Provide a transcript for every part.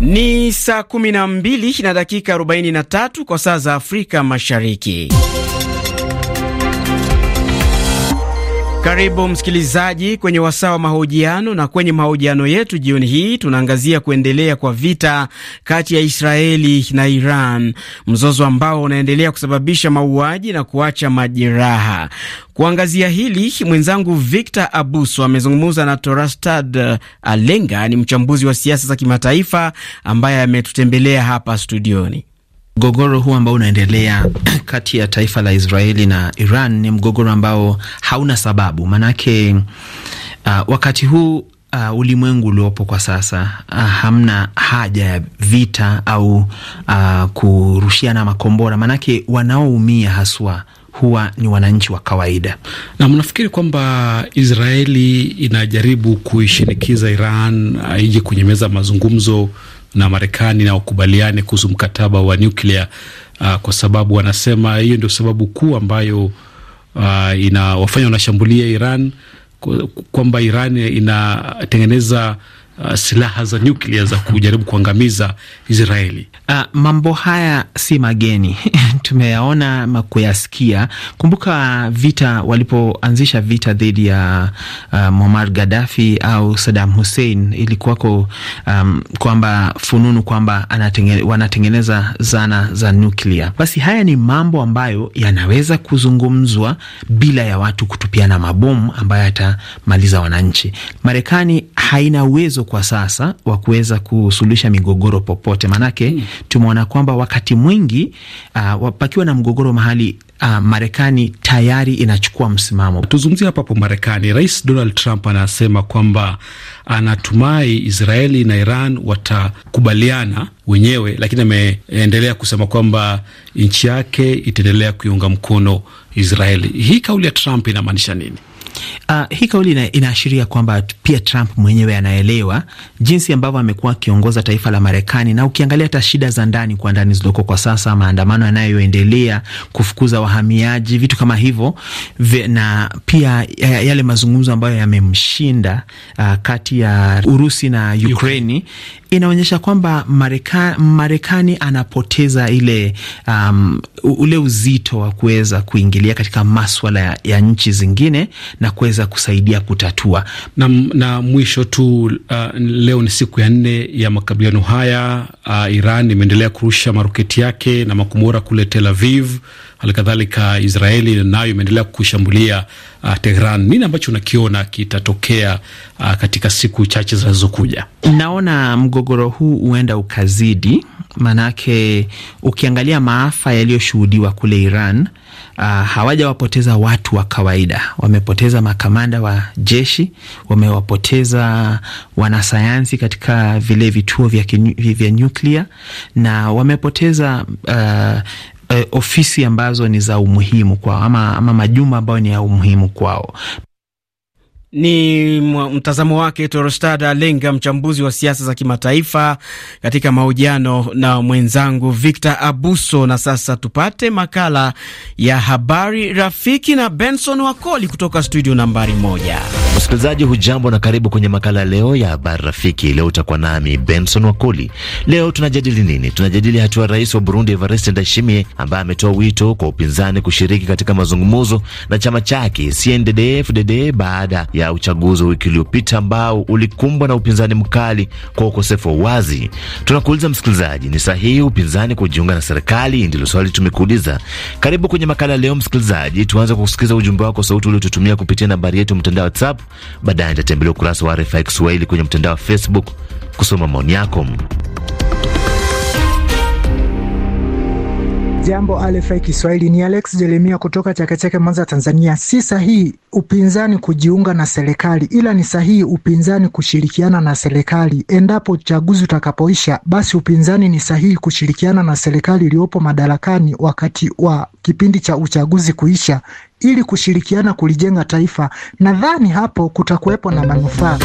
Ni saa 12 na dakika 43 kwa saa za Afrika Mashariki. Karibu msikilizaji kwenye wasaa wa mahojiano, na kwenye mahojiano yetu jioni hii tunaangazia kuendelea kwa vita kati ya Israeli na Iran, mzozo ambao unaendelea kusababisha mauaji na kuacha majeraha. Kuangazia hili, mwenzangu Victor Abuso amezungumza na Torastad Alenga, ni mchambuzi wa siasa za kimataifa ambaye ametutembelea hapa studioni. Mgogoro huu ambao unaendelea kati ya taifa la Israeli na Iran ni mgogoro ambao hauna sababu, maanake uh, wakati huu uh, ulimwengu uliopo kwa sasa uh, hamna haja ya vita au uh, kurushiana makombora, maanake wanaoumia haswa huwa ni wananchi wa kawaida. Na mnafikiri kwamba Israeli inajaribu kuishinikiza Iran uh, ije kwenye meza mazungumzo na Marekani na wakubaliane kuhusu mkataba wa nuklia uh, kwa sababu wanasema hiyo ndio sababu kuu ambayo uh, inawafanya wanashambulia Iran kwamba Iran inatengeneza uh, silaha za nyuklia za kujaribu kuangamiza Israeli. Uh, mambo haya si mageni tumeyaona ma kuyasikia. Kumbuka vita walipoanzisha vita dhidi ya uh, Muammar Gaddafi au Saddam Hussein, ilikuwako um, kwamba fununu kwamba wanatengeneza zana za nyuklia. Basi haya ni mambo ambayo yanaweza kuzungumzwa bila ya watu kutupiana mabomu ambayo yatamaliza wananchi. Marekani haina uwezo kwa sasa wa kuweza kusuluhisha migogoro popote, maanake mm. tumeona kwamba wakati mwingi uh, pakiwa na mgogoro mahali Uh, Marekani tayari inachukua msimamo. Tuzungumzie hapa hapo Marekani. Rais Donald Trump anasema kwamba anatumai Israeli na Iran watakubaliana wenyewe, lakini ameendelea kusema kwamba nchi yake itaendelea kuiunga mkono Israeli. Hii kauli ya Trump inamaanisha nini? Uh, hii kauli inaashiria kwamba pia Trump mwenyewe anaelewa jinsi ambavyo amekuwa akiongoza taifa la Marekani, na ukiangalia hata shida za ndani kwa ndani zilizoko kwa sasa, maandamano yanayoendelea, kufukuza wahamiaji, vitu kama hivyo, na pia yale mazungumzo ambayo yamemshinda uh, kati ya Urusi na Ukraini inaonyesha kwamba Marekani, Marekani anapoteza ile um, ule uzito wa kuweza kuingilia katika maswala ya, ya nchi zingine na kuweza kusaidia kutatua na, na mwisho tu uh, leo ni siku ya nne ya makabiliano haya uh, Iran imeendelea kurusha maroketi yake na makombora kule Tel Aviv halikadhalika Israeli nayo imeendelea kushambulia uh, Tehran. Nini ambacho unakiona kitatokea uh, katika siku chache zinazokuja? Naona mgogoro huu huenda ukazidi, maanake ukiangalia maafa yaliyoshuhudiwa kule Iran Uh, hawajawapoteza watu wa kawaida, wamepoteza makamanda wa jeshi, wamewapoteza wanasayansi katika vile vituo vya, vya nyuklia na wamepoteza uh, eh, ofisi ambazo ni za umuhimu kwao ama, ama majumba ambayo ni ya umuhimu kwao. Ni mtazamo wake Torostada Lenga, mchambuzi wa siasa za kimataifa, katika mahojiano na mwenzangu Victor Abuso. Na sasa tupate makala ya habari rafiki na Benson Wakoli kutoka studio nambari moja. Msikilizaji hujambo na karibu kwenye makala leo ya habari rafiki. Leo utakuwa nami Benson Wakoli. Leo tunajadili nini? Tunajadili hatua rais wa Burundi Evariste Ndayishimiye ambaye ametoa wito kwa upinzani kushiriki katika mazungumzo na chama chake CNDD-FDD baada ya uchaguzi wiki iliyopita ambao ulikumbwa na upinzani mkali kwa ukosefu wa uwazi. Tunakuuliza msikilizaji, ni sahihi upinzani kujiunga na serikali? Ndilo swali tumekuuliza. Karibu kwenye makala leo msikilizaji. Tuanze kwa kusikiza ujumbe wako sauti uliotutumia kupitia nambari yetu mtandao wa WhatsApp. Baadaye nitatembelea ukurasa wa RFI Kiswahili kwenye mtandao wa Facebook kusoma maoni yako. Jambo RFI Kiswahili ni Alex Jeremia kutoka Chakechake, Mwanza, Tanzania. Si sahihi upinzani kujiunga na serikali, ila ni sahihi upinzani kushirikiana na serikali. Endapo uchaguzi utakapoisha, basi upinzani ni sahihi kushirikiana na serikali iliyopo madarakani wakati wa kipindi cha uchaguzi kuisha, ili kushirikiana kulijenga taifa. Nadhani hapo kutakuwepo na manufaa.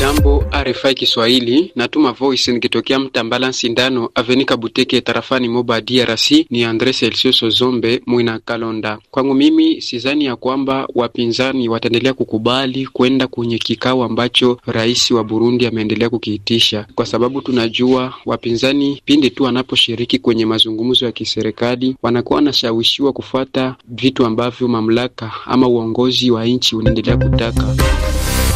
Jambo RFI Kiswahili, natuma voice nikitokea Mtambala Sindano Avenika Buteke tarafani Moba DRC. Ni Andre Celsius Zombe Mwina Kalonda. Kwangu mimi sizani ya kwamba wapinzani wataendelea kukubali kwenda kwenye kikao ambacho rais wa Burundi ameendelea kukiitisha, kwa sababu tunajua wapinzani pindi tu wanaposhiriki kwenye mazungumzo ya kiserikali wanakuwa wanashawishiwa kufuata vitu ambavyo mamlaka ama uongozi wa nchi unaendelea kutaka.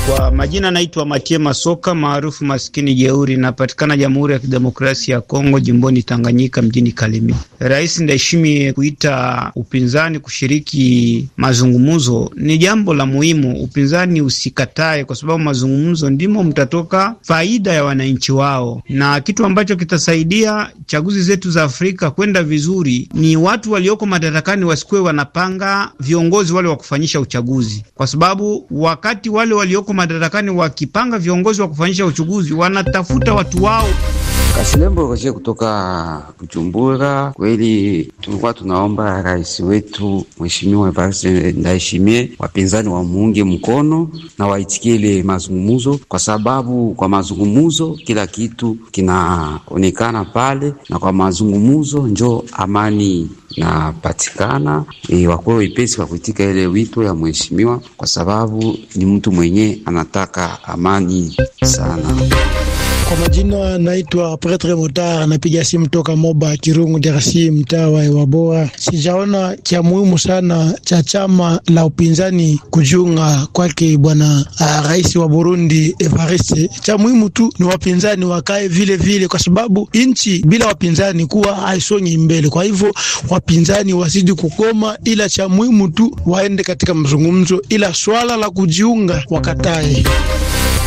Kwa majina naitwa Matie Masoka maarufu maskini jeuri, napatikana Jamhuri ya Kidemokrasia ya Kongo, jimboni Tanganyika, mjini Kalemi. Rais Ndayishimiye kuita upinzani kushiriki mazungumzo ni jambo la muhimu, upinzani usikatae, kwa sababu mazungumzo ndimo mtatoka faida ya wananchi wao, na kitu ambacho kitasaidia chaguzi zetu za Afrika kwenda vizuri ni watu walioko madarakani wasikuwe wanapanga viongozi wale wa kufanyisha uchaguzi, kwa sababu wakati wale walioko madarakani wakipanga viongozi wa kufanyisha uchuguzi, wanatafuta watu wao. Kasilembo Roje kutoka Bujumbura. Kweli tulikuwa tunaomba rais wetu Mheshimiwa Evariste Ndayishimiye wapinzani wamuunge mkono na waitikile mazungumuzo, kwa sababu kwa mazungumuzo kila kitu kinaonekana pale, na kwa mazungumuzo njo amani napatikana. E, wakuwe wepesi kwa kuitika ile wito ya mheshimiwa, kwa sababu ni mtu mwenye anataka amani sana. Kwa majina naitwa Pretre motar anapiga simu toka Moba Kirungu DRC, mtaa wa Ewabora. Sijaona cha muhimu sana cha chama la upinzani kujiunga kwake bwana ah, rais wa Burundi Evariste. Cha muhimu tu ni wapinzani wakae vile vile, kwa sababu nchi bila wapinzani kuwa haisonyi mbele. Kwa hivyo wapinzani wazidi kukoma, ila cha muhimu tu waende katika mazungumzo, ila swala la kujiunga wakatae.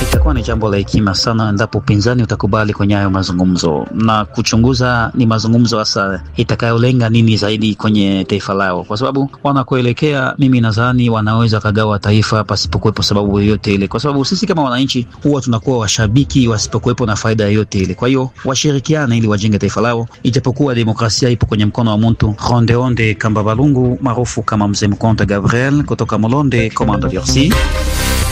Itakuwa ni jambo la hekima sana endapo upinzani utakubali kwenye hayo mazungumzo na kuchunguza ni mazungumzo hasa itakayolenga nini zaidi kwenye taifa lao, kwa sababu wanakoelekea, mimi nadhani wanaweza kagawa taifa pasipokuwepo sababu yoyote ile, kwa sababu sisi kama wananchi huwa tunakuwa washabiki wasipokuwepo na faida yoyote ile. Kwa hiyo washirikiane ili wajenge taifa lao, ijapokuwa demokrasia ipo kwenye mkono wa mtu. Rondeonde Kamba Balungu maarufu kama Mzee Mkonte Gabriel kutoka Molonde, Komanda DRC.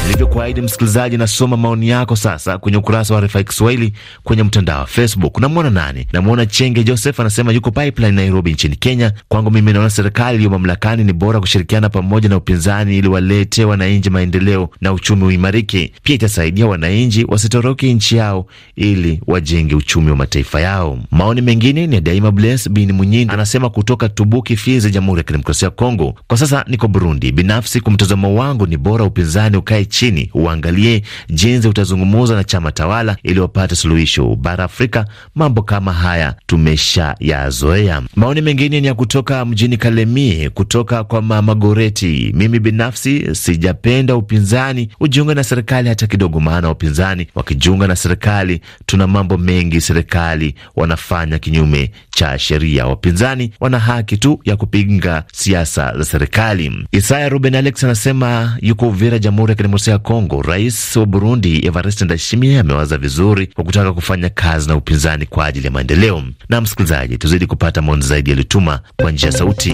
Nilivyokuahidi msikilizaji, nasoma maoni yako sasa kwenye ukurasa wa RFI Kiswahili kwenye mtandao wa Facebook. Namwona nani? Namwona Chenge Joseph anasema yuko Pipeline, Nairobi nchini Kenya. Kwangu mimi naona serikali iliyo mamlakani ni bora kushirikiana pamoja na upinzani ili walete wananchi maendeleo na uchumi uimarike. Pia itasaidia wananchi wasitoroke nchi yao ili wajenge uchumi wa mataifa yao. Maoni mengine ni Daima Bless bin Munyindi anasema kutoka Tubuki, Fizi, Jamhuri ya Kidemokrasia ya Kongo. Kwa sasa niko Burundi. Binafsi, kwa mtazamo wangu, ni bora upinzani ukae nchini uangalie jinsi utazungumuza na chama tawala ili wapate suluhisho. Bara Afrika mambo kama haya tumeshayazoea. Maoni mengine ni ya kutoka mjini Kalemie, kutoka kwa Mama Goreti. Mimi binafsi sijapenda upinzani ujiunga na serikali hata kidogo, maana upinzani wakijiunga na serikali tuna mambo mengi serikali wanafanya kinyume cha sheria. Wapinzani wana haki tu ya kupinga siasa za serikali. Isaya Ruben Alex anasema yuko Uvira, Jamhuri ya Kidemokrasia kidemokrasia ya Kongo, rais wa Burundi Evariste Ndayishimiye amewaza vizuri kwa kutaka kufanya kazi na upinzani kwa ajili ya maendeleo. Na msikilizaji, tuzidi kupata maoni zaidi yaliyotuma kwa njia ya sauti.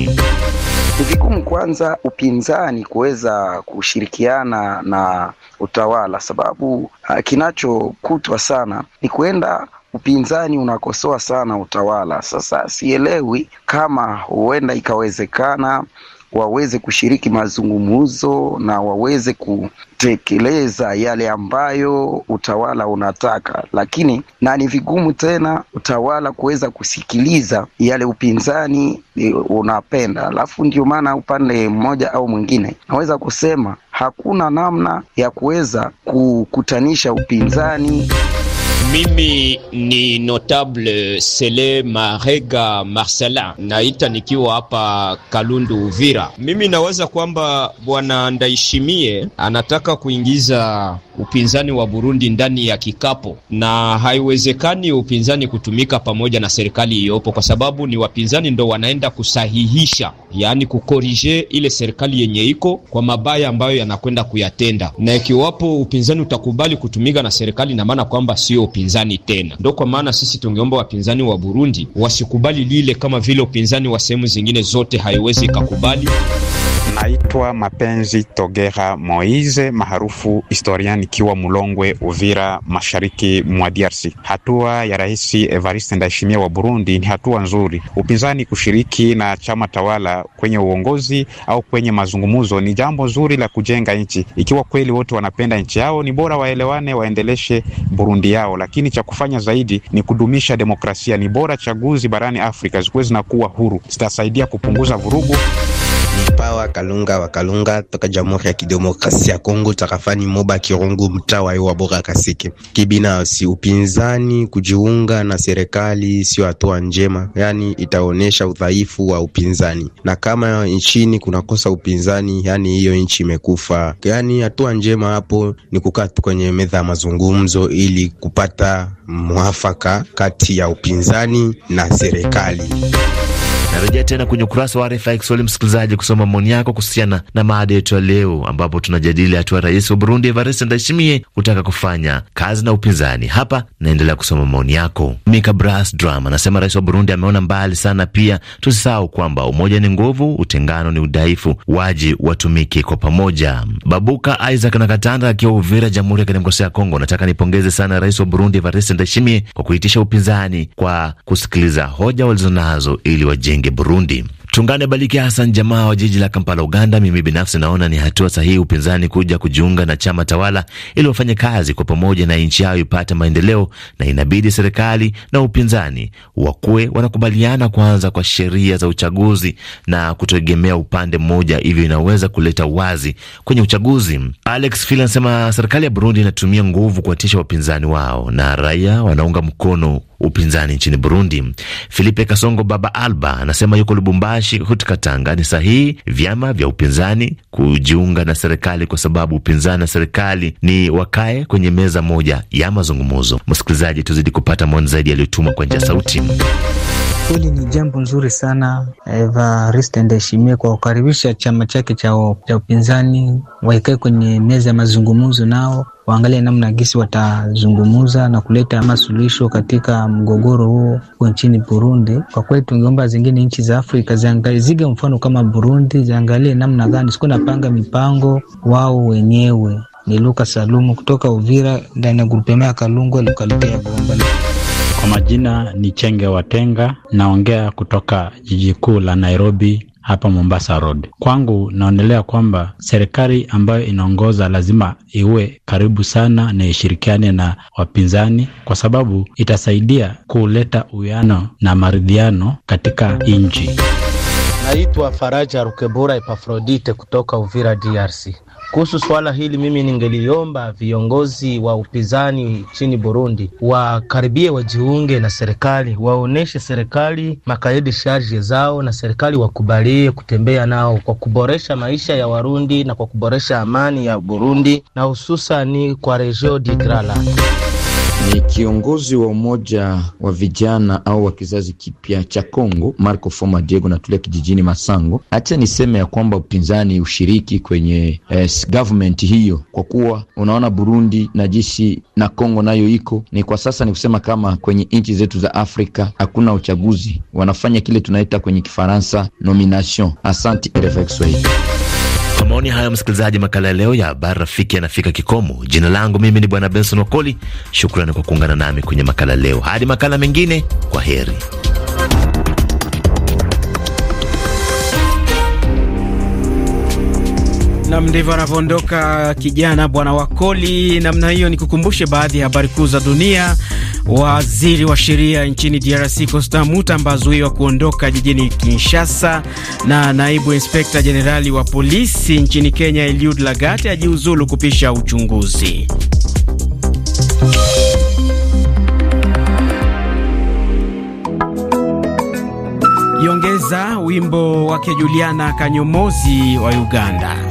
Ni vigumu kwanza upinzani kuweza kushirikiana na utawala, sababu ah, kinachokutwa sana ni kuenda upinzani unakosoa sana utawala. Sasa sielewi kama huenda ikawezekana waweze kushiriki mazungumzo na waweze kutekeleza yale ambayo utawala unataka, lakini na ni vigumu tena utawala kuweza kusikiliza yale upinzani e, unapenda. Alafu ndio maana upande mmoja au mwingine naweza kusema hakuna namna ya kuweza kukutanisha upinzani mimi ni notable Sele Marega Marcelin, naita nikiwa hapa Kalundu, Uvira. Mimi naweza kwamba bwana Ndaishimie anataka kuingiza upinzani wa Burundi ndani ya kikapo, na haiwezekani upinzani kutumika pamoja na serikali iliyopo, kwa sababu ni wapinzani ndo wanaenda kusahihisha, yaani kukorije ile serikali yenye iko kwa mabaya ambayo yanakwenda kuyatenda, na ikiwapo upinzani utakubali kutumika na serikali, na maana kwamba sio upinzani upinzani tena. Ndo kwa maana sisi tungeomba wapinzani wa Burundi wasikubali lile, kama vile upinzani wa sehemu zingine zote haiwezi ikakubali. Naitwa Mapenzi Togera Moise maarufu historia, nikiwa Mulongwe, Uvira, mashariki mwa DRC. Hatua ya Rais Evariste Ndayishimiye wa Burundi ni hatua nzuri. Upinzani kushiriki na chama tawala kwenye uongozi au kwenye mazungumzo ni jambo zuri la kujenga nchi. Ikiwa kweli wote wanapenda nchi yao, ni bora waelewane, waendeleshe Burundi yao, lakini cha kufanya zaidi ni kudumisha demokrasia. Ni bora chaguzi barani Afrika zikuwe zinakuwa huru, zitasaidia kupunguza vurugu. Kalunga Wakalunga toka Jamhuri ya Kidemokrasia ya Kongo, tarafani Moba Kirungu, mtaa wa Iwa Bora Kasike. Kibinafsi, upinzani kujiunga na serikali sio hatua njema, yani itaonyesha udhaifu wa upinzani, na kama nchini kunakosa upinzani, yani hiyo nchi imekufa. Yani hatua njema hapo ni kukaa tu kwenye meza ya mazungumzo ili kupata mwafaka kati ya upinzani na serikali. Narejea tena kwenye ukurasa wa RFI Kiswahili, msikilizaji, kusoma maoni yako kuhusiana na maada yetu ya leo, ambapo tunajadili hatua rais wa Burundi Evariste Ndayishimiye kutaka kufanya kazi na upinzani. Hapa naendelea kusoma maoni yako. Mika Bras Drama anasema rais wa Burundi ameona mbali sana. Pia tusisahau kwamba umoja ni nguvu, utengano ni udhaifu, waji watumike kwa pamoja. Babuka Isaac na Katanda akiwa Uvira, Jamhuri ya Kidemokrasia ya Kongo, nataka nipongeze sana rais wa Burundi Evariste Ndayishimiye kwa kuitisha upinzani kwa kusikiliza hoja walizonazo ili wajenga Kasenge, Burundi. Tungane Baliki Hassan, jamaa wa jiji la Kampala, Uganda. Mimi binafsi naona ni hatua sahihi upinzani kuja kujiunga na chama tawala ili wafanye kazi kwa pamoja na nchi yao ipate maendeleo, na inabidi serikali na upinzani wakuwe wanakubaliana kwanza kwa sheria za uchaguzi na kutegemea upande mmoja, hivyo inaweza kuleta wazi kwenye uchaguzi. Alex Fila anasema serikali ya Burundi inatumia nguvu kuwatisha wapinzani wao na raia wanaunga mkono upinzani nchini Burundi. Filipe Kasongo Baba Alba anasema yuko Lubumbashi Tanga, ni sahihi vyama vya upinzani kujiunga na serikali kwa sababu upinzani na serikali ni wakae kwenye meza moja ya mazungumzo. Msikilizaji, tuzidi kupata maoni zaidi yaliyotumwa kwa njia sauti. Kweli ni jambo nzuri sana Evariste Ndayishimiye kwa kukaribisha chama chake cha upinzani, waikae kwenye meza ya mazungumzo nao waangalie namna gisi watazungumuza na kuleta masuluhisho katika mgogoro huo huko nchini Burundi. Kwa kweli, tungeomba zingine nchi za Afrika zige mfano kama Burundi, ziangalie namna gani siku napanga mipango wao wenyewe. Ni Luka Salumu kutoka Uvira ndani ya grupema ya Kalungwa alikalite ya bomba kwa majina ni Chenge Watenga, naongea kutoka jiji kuu la Nairobi hapa Mombasa Road. Kwangu naonelea kwamba serikali ambayo inaongoza lazima iwe karibu sana na ishirikiane na wapinzani, kwa sababu itasaidia kuleta uwiano na maridhiano katika nchi. Naitwa Faraja Rukebura Epafrodite kutoka Uvira, DRC. Kuhusu swala hili, mimi ningeliomba viongozi wa upinzani nchini Burundi wakaribie, wajiunge na serikali, waoneshe serikali makaidi sharje zao, na serikali wakubalie kutembea nao kwa kuboresha maisha ya Warundi na kwa kuboresha amani ya Burundi na hususani kwa Regio Ditrala. Ni kiongozi wa umoja wa vijana au wa kizazi kipya cha Kongo, Marco Foma Diego, natulia kijijini Masango. Acha niseme ya kwamba upinzani ushiriki kwenye eh, government hiyo, kwa kuwa unaona Burundi na jeshi na Kongo nayo iko ni kwa sasa, ni kusema kama kwenye nchi zetu za Afrika hakuna uchaguzi, wanafanya kile tunaita kwenye Kifaransa nomination. Asante RFI Kiswahili. Kwa maoni hayo, msikilizaji, makala ya leo ya habari rafiki yanafika kikomo. Jina langu mimi ni Bwana Benson wakoli Shukrani kwa kuungana nami kwenye makala leo. Hadi makala mengine, kwa heri. Nam, ndivyo anavyoondoka kijana bwana Wakoli. Namna hiyo, ni kukumbushe baadhi ya habari kuu za dunia Waziri wa sheria nchini DRC Costa Muta ambazuiwa kuondoka jijini Kinshasa, na naibu inspekta jenerali wa polisi nchini Kenya Eliud Lagat ajiuzulu kupisha uchunguzi. Iongeza wimbo wake Juliana Kanyomozi wa Uganda.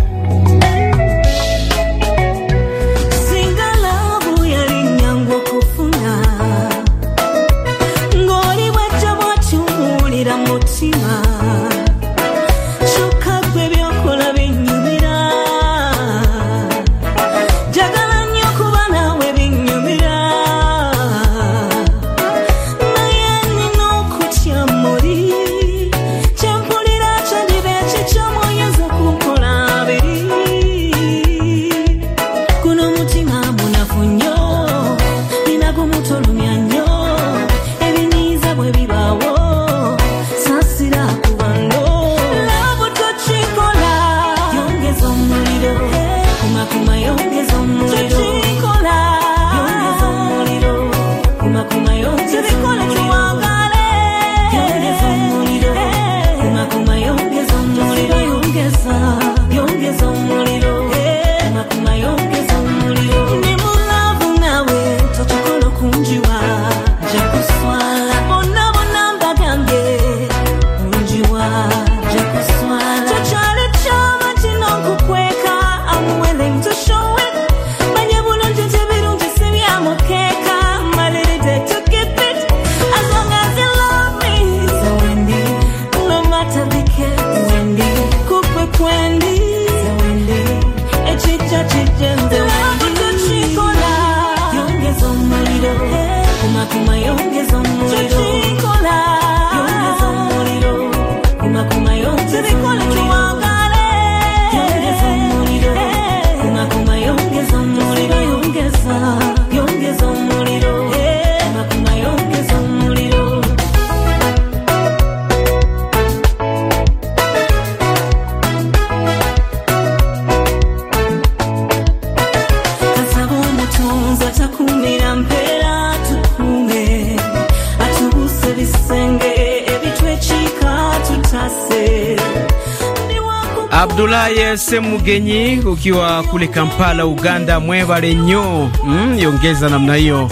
Agnes Mugenyi ukiwa kule Kampala, Uganda, Mwebale nyo mm, yongeza namna hiyo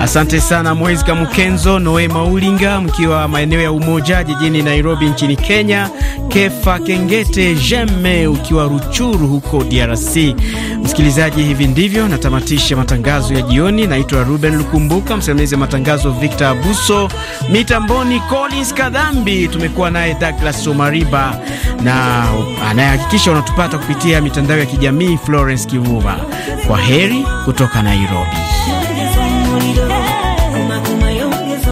Asante sana Mwezi Kamukenzo, Noe Maulinga, mkiwa maeneo ya Umoja jijini Nairobi nchini Kenya, Kefa Kengete Jeme ukiwa Ruchuru huko DRC. Msikilizaji, hivi ndivyo natamatisha matangazo ya jioni. Naitwa Ruben Lukumbuka, msimamizi wa matangazo Victor Abuso, mitamboni Collins Kadhambi, tumekuwa naye Douglas Omariba na anayehakikisha unatupata kupitia mitandao ya kijamii Florence Kivuva. Kwa heri kutoka Nairobi.